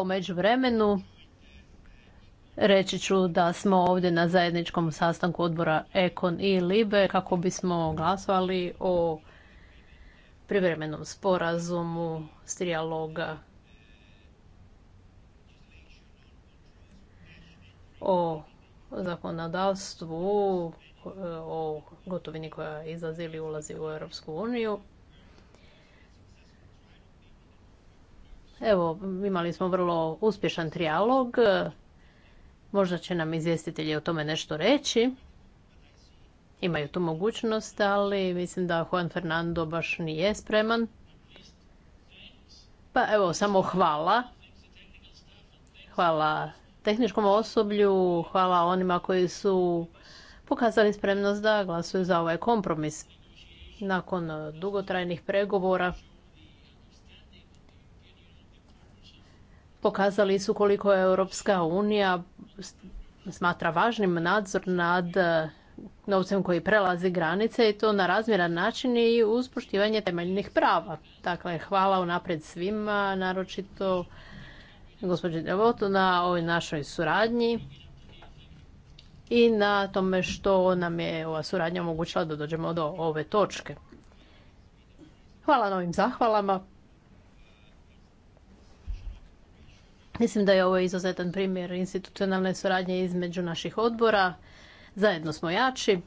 U međuvremenu reći ću da smo ovdje na zajedničkom sastanku odbora Ekon i Libe kako bismo glasovali o privremenom sporazumu s trijaloga o zakonodavstvu o gotovini koja izlazi ili ulazi u Europsku uniju. Evo, imali smo vrlo uspješan trijalog. Možda će nam izvjestitelji o tome nešto reći. Imaju tu mogućnost, ali mislim da Juan Fernando baš nije spreman. Pa evo, samo hvala. Hvala tehničkom osoblju, hvala onima koji su pokazali spremnost da glasuju za ovaj kompromis. Nakon dugotrajnih pregovora pokazali su koliko je Europska unija smatra važnim nadzor nad eh, novcem koji prelazi granice i to na razmjeran način i uz poštivanje temeljnih prava. Dakle, hvala unaprijed svima, naročito gospođi Devotu na ovoj našoj suradnji i na tome što nam je ova suradnja omogućila da dođemo do ove točke. Hvala ovim zahvalama. Mislim da je ovo izuzetan primjer institucionalne suradnje između naših odbora. Zajedno smo jači.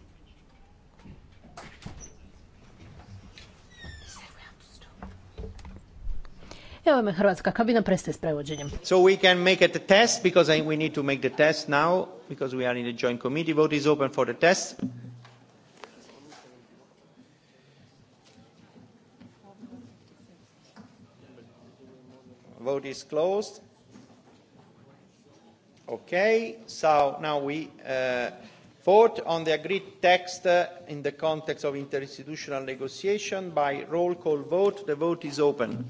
Evo me Hrvatska kabina, prestaje s prevođenjem. So we can make it a test because we need to make the test now because we are in the joint committee. Vote is open for the test. Vote is closed. Okay, so now we uh, vote on the agreed text uh, in the context of interinstitutional negotiation by roll call vote. The vote is open.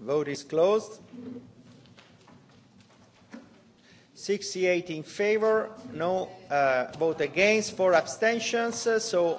Vote is closed. 68 in favor, no uh, vote against, four abstentions. Uh, so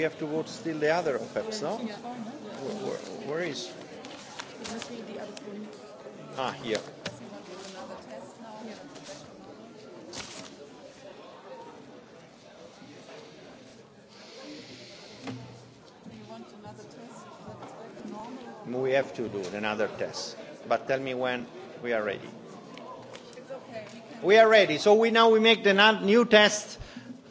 we have to vote still the other perhaps no? Where, where is? Ah, here. We have to do another test. But tell me when we are ready. We are ready. So we now we make the new test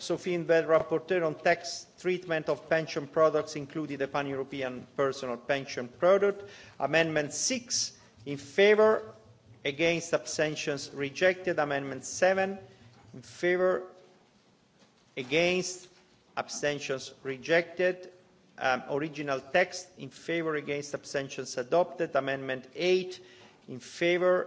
Sophie Bell, rapporteur on tax treatment of pension products, including the pan-European personal pension product. Amendment 6, in favor against abstentions rejected. Amendment 7, in favor against abstentions rejected. Um, original text, in favor against abstentions adopted. Amendment 8, in favour,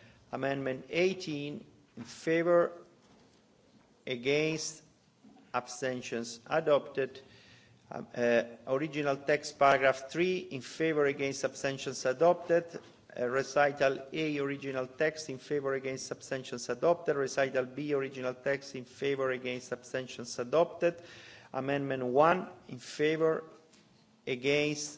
Amendment 18 in favor, against, abstentions adopted. Um, uh, original text paragraph 3 in favor, against, abstentions adopted. Uh, recital A original text in favor, against, abstentions adopted. Recital B original text in favor, against, abstentions adopted. Amendment 1 in favor, against,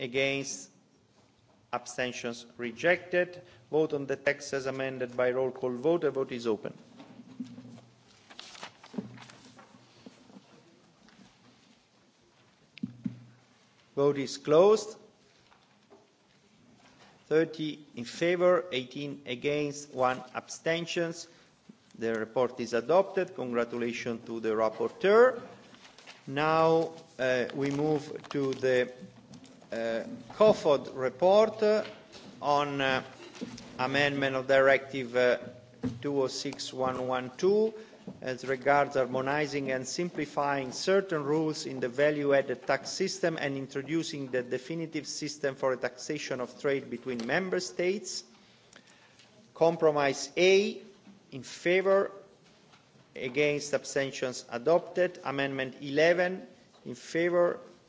against abstentions rejected vote on the text as amended by roll call vote the vote is open vote is closed 30 in favor 18 against one abstentions the report is adopted congratulations to the rapporteur now uh, we move to the uh, COFOD report on uh, amendment of Directive uh, 206112 as regards harmonizing and simplifying certain rules in the value-added tax system and introducing the definitive system for a taxation of trade between member states. Compromise A, in favor against abstentions adopted. Amendment 11, in favor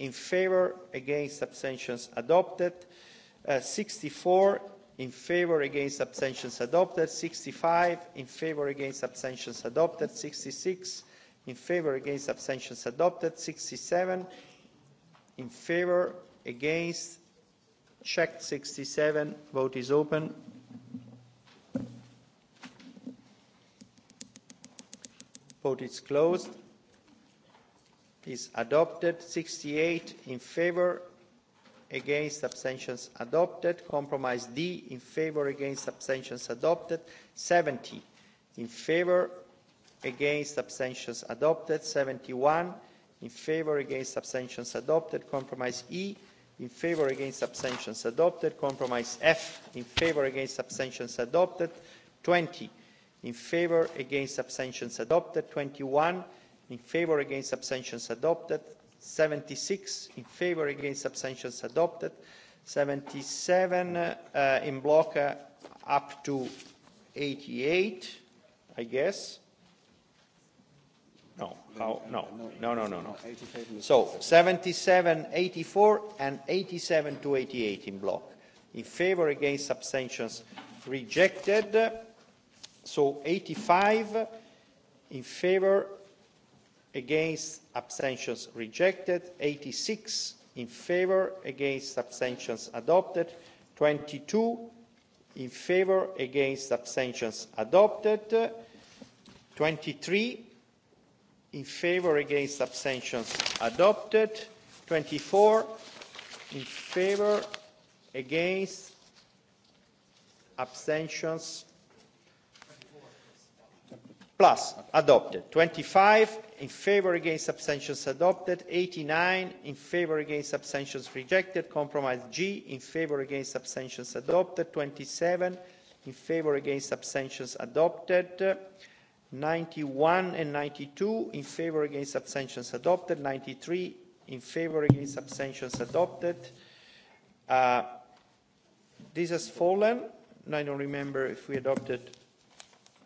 in favour against abstentions adopted uh, 64 in favor against abstentions adopted 65 uh, in favor against abstentions adopted 66 in favor against abstentions adopted 67 in favor against check 67 vote is open vote is closed is adopted. sixty eight in favour against abstentions adopted. compromise d in favour against abstentions adopted. seventy in favour against abstentions adopted. seventy one in favour against abstentions adopted. compromise e in favour against abstentions adopted. compromise f in favour against abstentions adopted. twenty in favour against abstentions adopted. twenty one in favor against abstentions adopted 76 in favor against abstentions adopted 77 uh, in block uh, up to 88 i guess no how no no no no no so 77 84 and 87 to 88 in block in favor against abstentions rejected so 85 in favour against abstentions rejected eighty six in favour against abstentions adopted twenty two in favour against abstentions adopted twenty three in favour against abstentions adopted twenty four in favour against abstentions plus adopted twenty five in favor against abstentions adopted eighty nine in favor against abstentions rejected compromise g in favor against abstentions adopted twenty seven in favor against abstentions adopted ninety one and ninety two in favor against abstentions adopted ninety three in favor against abstentions adopted uh, this has fallen i don't remember if we adopted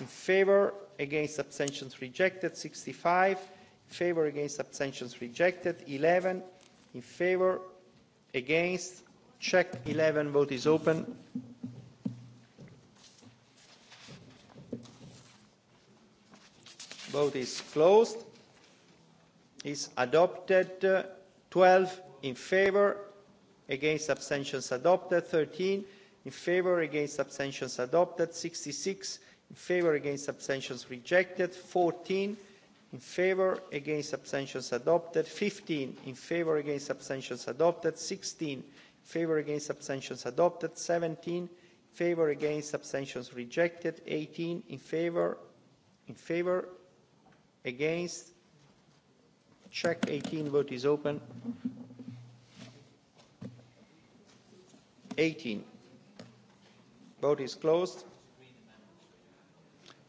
in favor? against abstentions rejected sixty five in favour against abstentions rejected eleven in favor? against check eleven vote is open vote is closed is adopted uh, 12 in favor? against abstentions adopted Thirteen. in favor? against abstentions adopted Sixty-six in favour against abstentions rejected fourteen in favour against abstentions adopted fifteen in favour against abstentions adopted sixteen in favour against abstentions adopted seventeen in favour against abstentions rejected eighteen in favour in favour against check eighteen vote is open eighteen vote is closed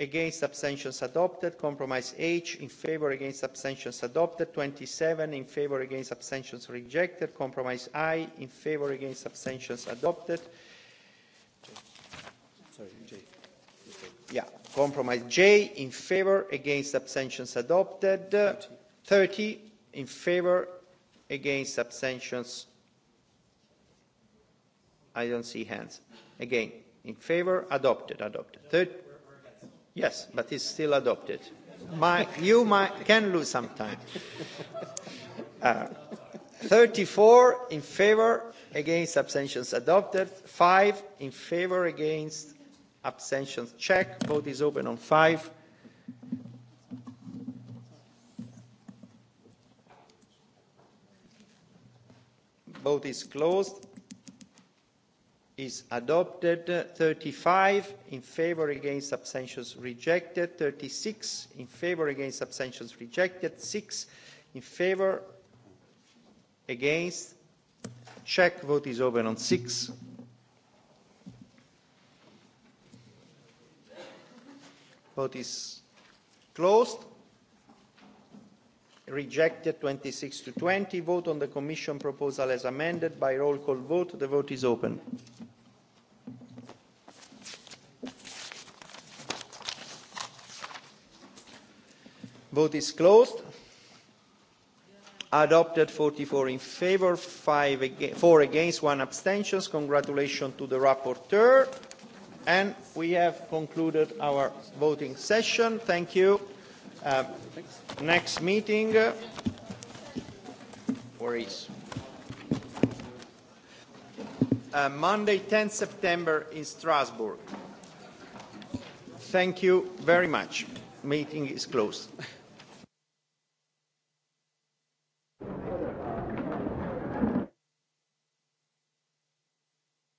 against abstentions adopted compromise h in favor against abstentions adopted twenty seven in favor against abstentions rejected compromise i in favor against abstentions adopted yeah compromise j in favor against abstentions adopted 30. in favor against abstentions i don't see hands again in favor? adopted adopted Yes, but it's still adopted. My, you might, can lose some time. Uh, 34 in favor, against abstentions adopted. Five in favor, against abstentions check. Vote is open on five. Vote is closed is adopted. Thirty five in favor against abstentions rejected. Thirty six in favor against abstentions rejected. Six in favor against. Check vote is open on six. Vote is closed. Rejected 26 to 20 Vote on the Commission proposal as amended by roll call vote. The vote is open. vote is closed adopted forty four in favour five ag four against one abstention congratulations to the rapporteur and we have concluded our voting session thank you um, next meeting uh, is uh, Monday 10 September in Strasbourg thank you very much meeting is closed